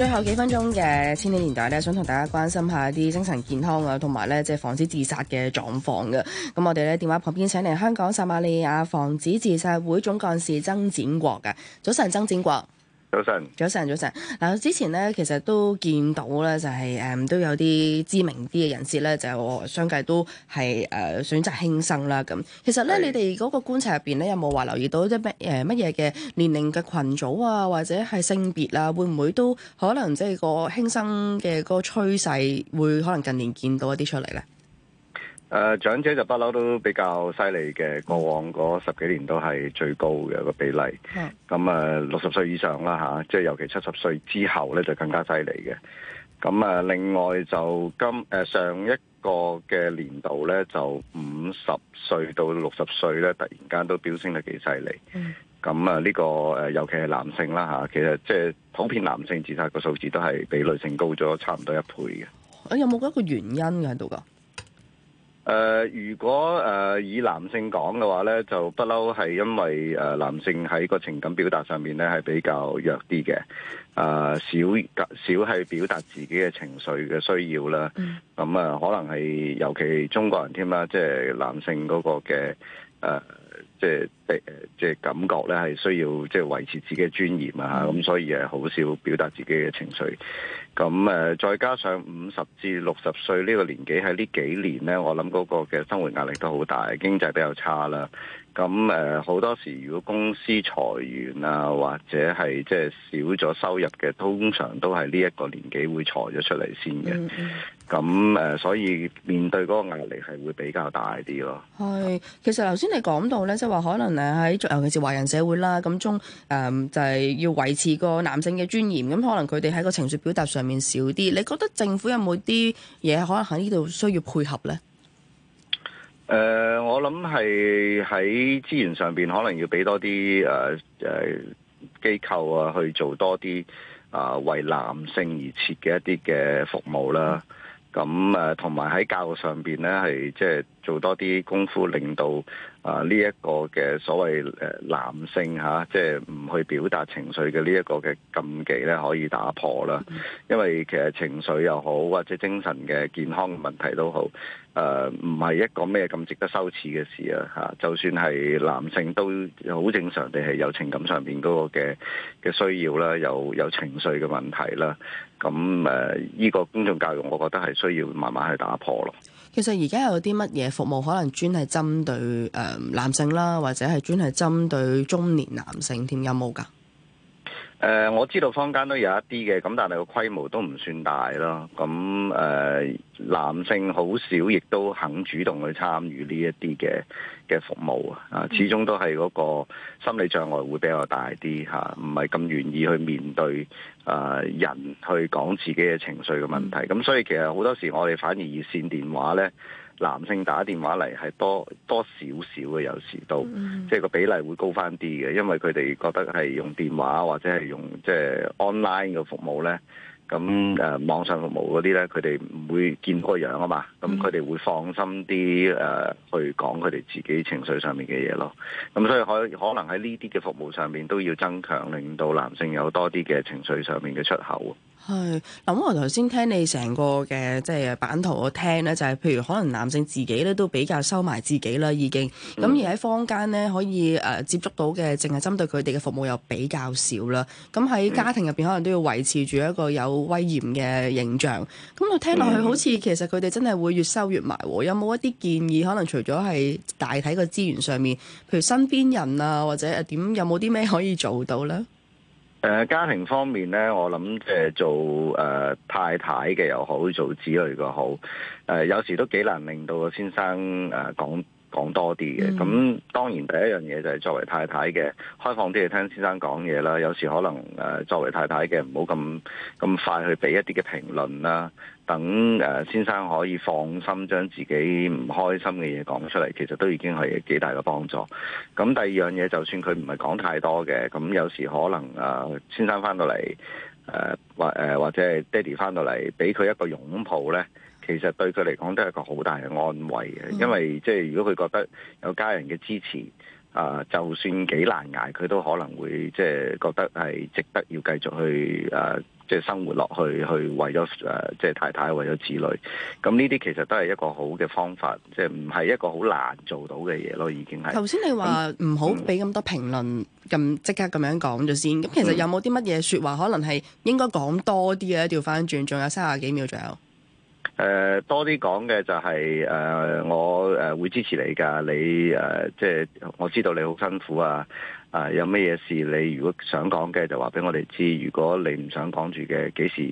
最後幾分鐘嘅千禧年代咧，想同大家關心一下一啲精神健康啊，同埋咧即係防止自殺嘅狀況嘅。咁我哋咧電話旁邊請嚟香港撒瑪利亞防止自殺會總幹事曾展國嘅。早晨，曾展國。早晨，早晨，早晨。嗱，之前咧，其實都見到咧，就係、是、誒，都有啲知名啲嘅人士咧，就係相繼都係誒、呃、選擇輕生啦。咁其實咧，是你哋嗰個觀察入邊咧，有冇話留意到啲咩誒乜嘢嘅年齡嘅群組啊，或者係性別啊，會唔會都可能即係個輕生嘅嗰個趨勢會可能近年見到一啲出嚟咧？誒、呃，長者就不嬲都比較犀利嘅，過往嗰十幾年都係最高嘅一、那個比例。咁的、呃、啊，六十歲以上啦吓，即係尤其七十歲之後咧就更加犀利嘅。咁啊，另外就今誒、呃、上一個嘅年度咧，就五十歲到六十歲咧，突然間都飆升得幾犀利。咁啊的，呢、這個誒，尤其係男性啦吓、啊，其實即係普遍男性自殺個數字都係比女性高咗差唔多一倍嘅、啊。有冇一個原因喺度噶？誒、呃，如果誒、呃、以男性講嘅話咧，就不嬲係因為誒、呃、男性喺個情感表達上面咧係比較弱啲嘅，誒少少係表達自己嘅情緒嘅需要啦。咁啊、mm. 嗯呃，可能係尤其中國人添啦，即、就、係、是、男性嗰個嘅誒。呃即係誒，即係感覺咧，係需要即係維持自己嘅尊嚴啊，咁所以係好少表達自己嘅情緒。咁誒，再加上五十至六十歲呢個年紀喺呢幾年咧，我諗嗰個嘅生活壓力都好大，經濟比較差啦。咁誒，好多時，如果公司裁員啊，或者係即係少咗收入嘅，通常都係呢一個年紀會裁咗出嚟先嘅。咁誒、嗯嗯，所以面對嗰個壓力係會比較大啲咯。係，其實頭先你講到咧，即係話可能誒喺，尤其是華人社會啦，咁中誒、呃、就係、是、要維持個男性嘅尊嚴，咁可能佢哋喺個情緒表達上面少啲。你覺得政府有冇啲嘢可能喺呢度需要配合咧？誒，uh, 我諗係喺資源上邊，可能要俾多啲誒誒機構啊去做多啲啊、uh, 為男性而設嘅一啲嘅服務啦。咁誒，同埋喺教育上邊咧，係即係。做多啲功夫，令到啊呢一個嘅所謂誒男性吓，啊，即係唔去表達情緒嘅呢一個嘅禁忌咧，可以打破啦。因為其實情緒又好，或者精神嘅健康嘅問題都好，誒唔係一個咩咁值得羞恥嘅事啊吓。就算係男性都好正常地係有情感上邊嗰個嘅嘅需要啦，有有情緒嘅問題啦。咁誒呢個公眾教育，我覺得係需要慢慢去打破咯。其實而家有啲乜嘢？服務可能專係針對誒、呃、男性啦，或者係專係針對中年男性添有冇噶？誒、呃，我知道坊間都有一啲嘅，咁但係個規模都唔算大咯。咁誒、呃，男性好少，亦都肯主動去參與呢一啲嘅嘅服務啊。啊，始終都係嗰個心理障礙會比較大啲吓，唔係咁願意去面對誒、呃、人去講自己嘅情緒嘅問題。咁、嗯、所以其實好多時我哋反而熱線電話咧。男性打電話嚟係多多少少嘅，有時都即係個比例會高返啲嘅，因為佢哋覺得係用電話或者係用即係 online 嘅服務咧。咁誒、嗯、網上服務嗰啲咧，佢哋唔會見個樣啊嘛，咁佢哋會放心啲誒、呃、去講佢哋自己情緒上面嘅嘢咯。咁、嗯、所以可以可能喺呢啲嘅服務上面都要增強令到男性有多啲嘅情緒上面嘅出口。係，咁，我頭先聽你成個嘅即係版圖我聽咧就係、是、譬如可能男性自己咧都比較收埋自己啦，已經，咁而喺坊間咧可以誒、呃、接觸到嘅，淨係針對佢哋嘅服務又比較少啦。咁喺家庭入邊可能都要維持住一個有。威嚴嘅形象，咁我聽落去好似其實佢哋真係會越收越埋，有冇一啲建議？可能除咗係大體個資源上面，譬如身邊人啊，或者誒點，有冇啲咩可以做到呢？誒，家庭方面呢，我諗誒做誒、呃、太太嘅又好，做子女嘅好，誒、呃、有時都幾難令到個先生誒講。呃講講多啲嘅，咁、嗯、當然第一樣嘢就係作為太太嘅開放啲去聽先生講嘢啦。有時可能誒作為太太嘅唔好咁咁快去俾一啲嘅評論啦，等誒先生可以放心將自己唔開心嘅嘢講出嚟，其實都已經係幾大嘅幫助。咁第二樣嘢，就算佢唔係講太多嘅，咁有時可能誒先生返到嚟誒或誒或者係爹哋返到嚟，俾佢一個擁抱咧。其實對佢嚟講都係一個好大嘅安慰嘅，嗯、因為即係如果佢覺得有家人嘅支持，啊、呃，就算幾難捱，佢都可能會即係覺得係值得要繼續去啊，即、呃、係、就是、生活落去，去為咗啊，即、呃、係、就是、太太，為咗子女，咁呢啲其實都係一個好嘅方法，即係唔係一個好難做到嘅嘢咯，已經係。頭先你話唔好俾咁多評論咁即刻咁樣講咗先，咁其實有冇啲乜嘢說話、嗯、可能係應該講多啲嘅咧？調翻轉，仲有三十幾秒左右。誒、呃，多啲講嘅就係、是、誒、呃，我誒、呃、會支持你噶，你誒、呃、即係我知道你好辛苦啊，啊、呃、有咩嘢事你如果想講嘅就話俾我哋知，如果你唔想講住嘅，幾時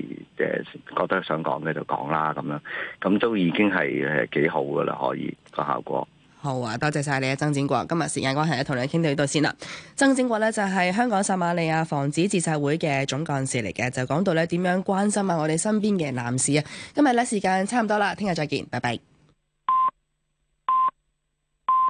誒覺得想講嘅就講啦，咁樣咁都已經係誒幾好噶啦，可以個效果。好啊，多謝晒你啊，曾展國。今日時間關係，同你傾到呢度先啦。曾展國呢，就係香港撒瑪利亞防止自殺會嘅總幹事嚟嘅，就講到呢點樣關心下我哋身邊嘅男士啊。今日呢時間差唔多啦，聽日再見，拜拜。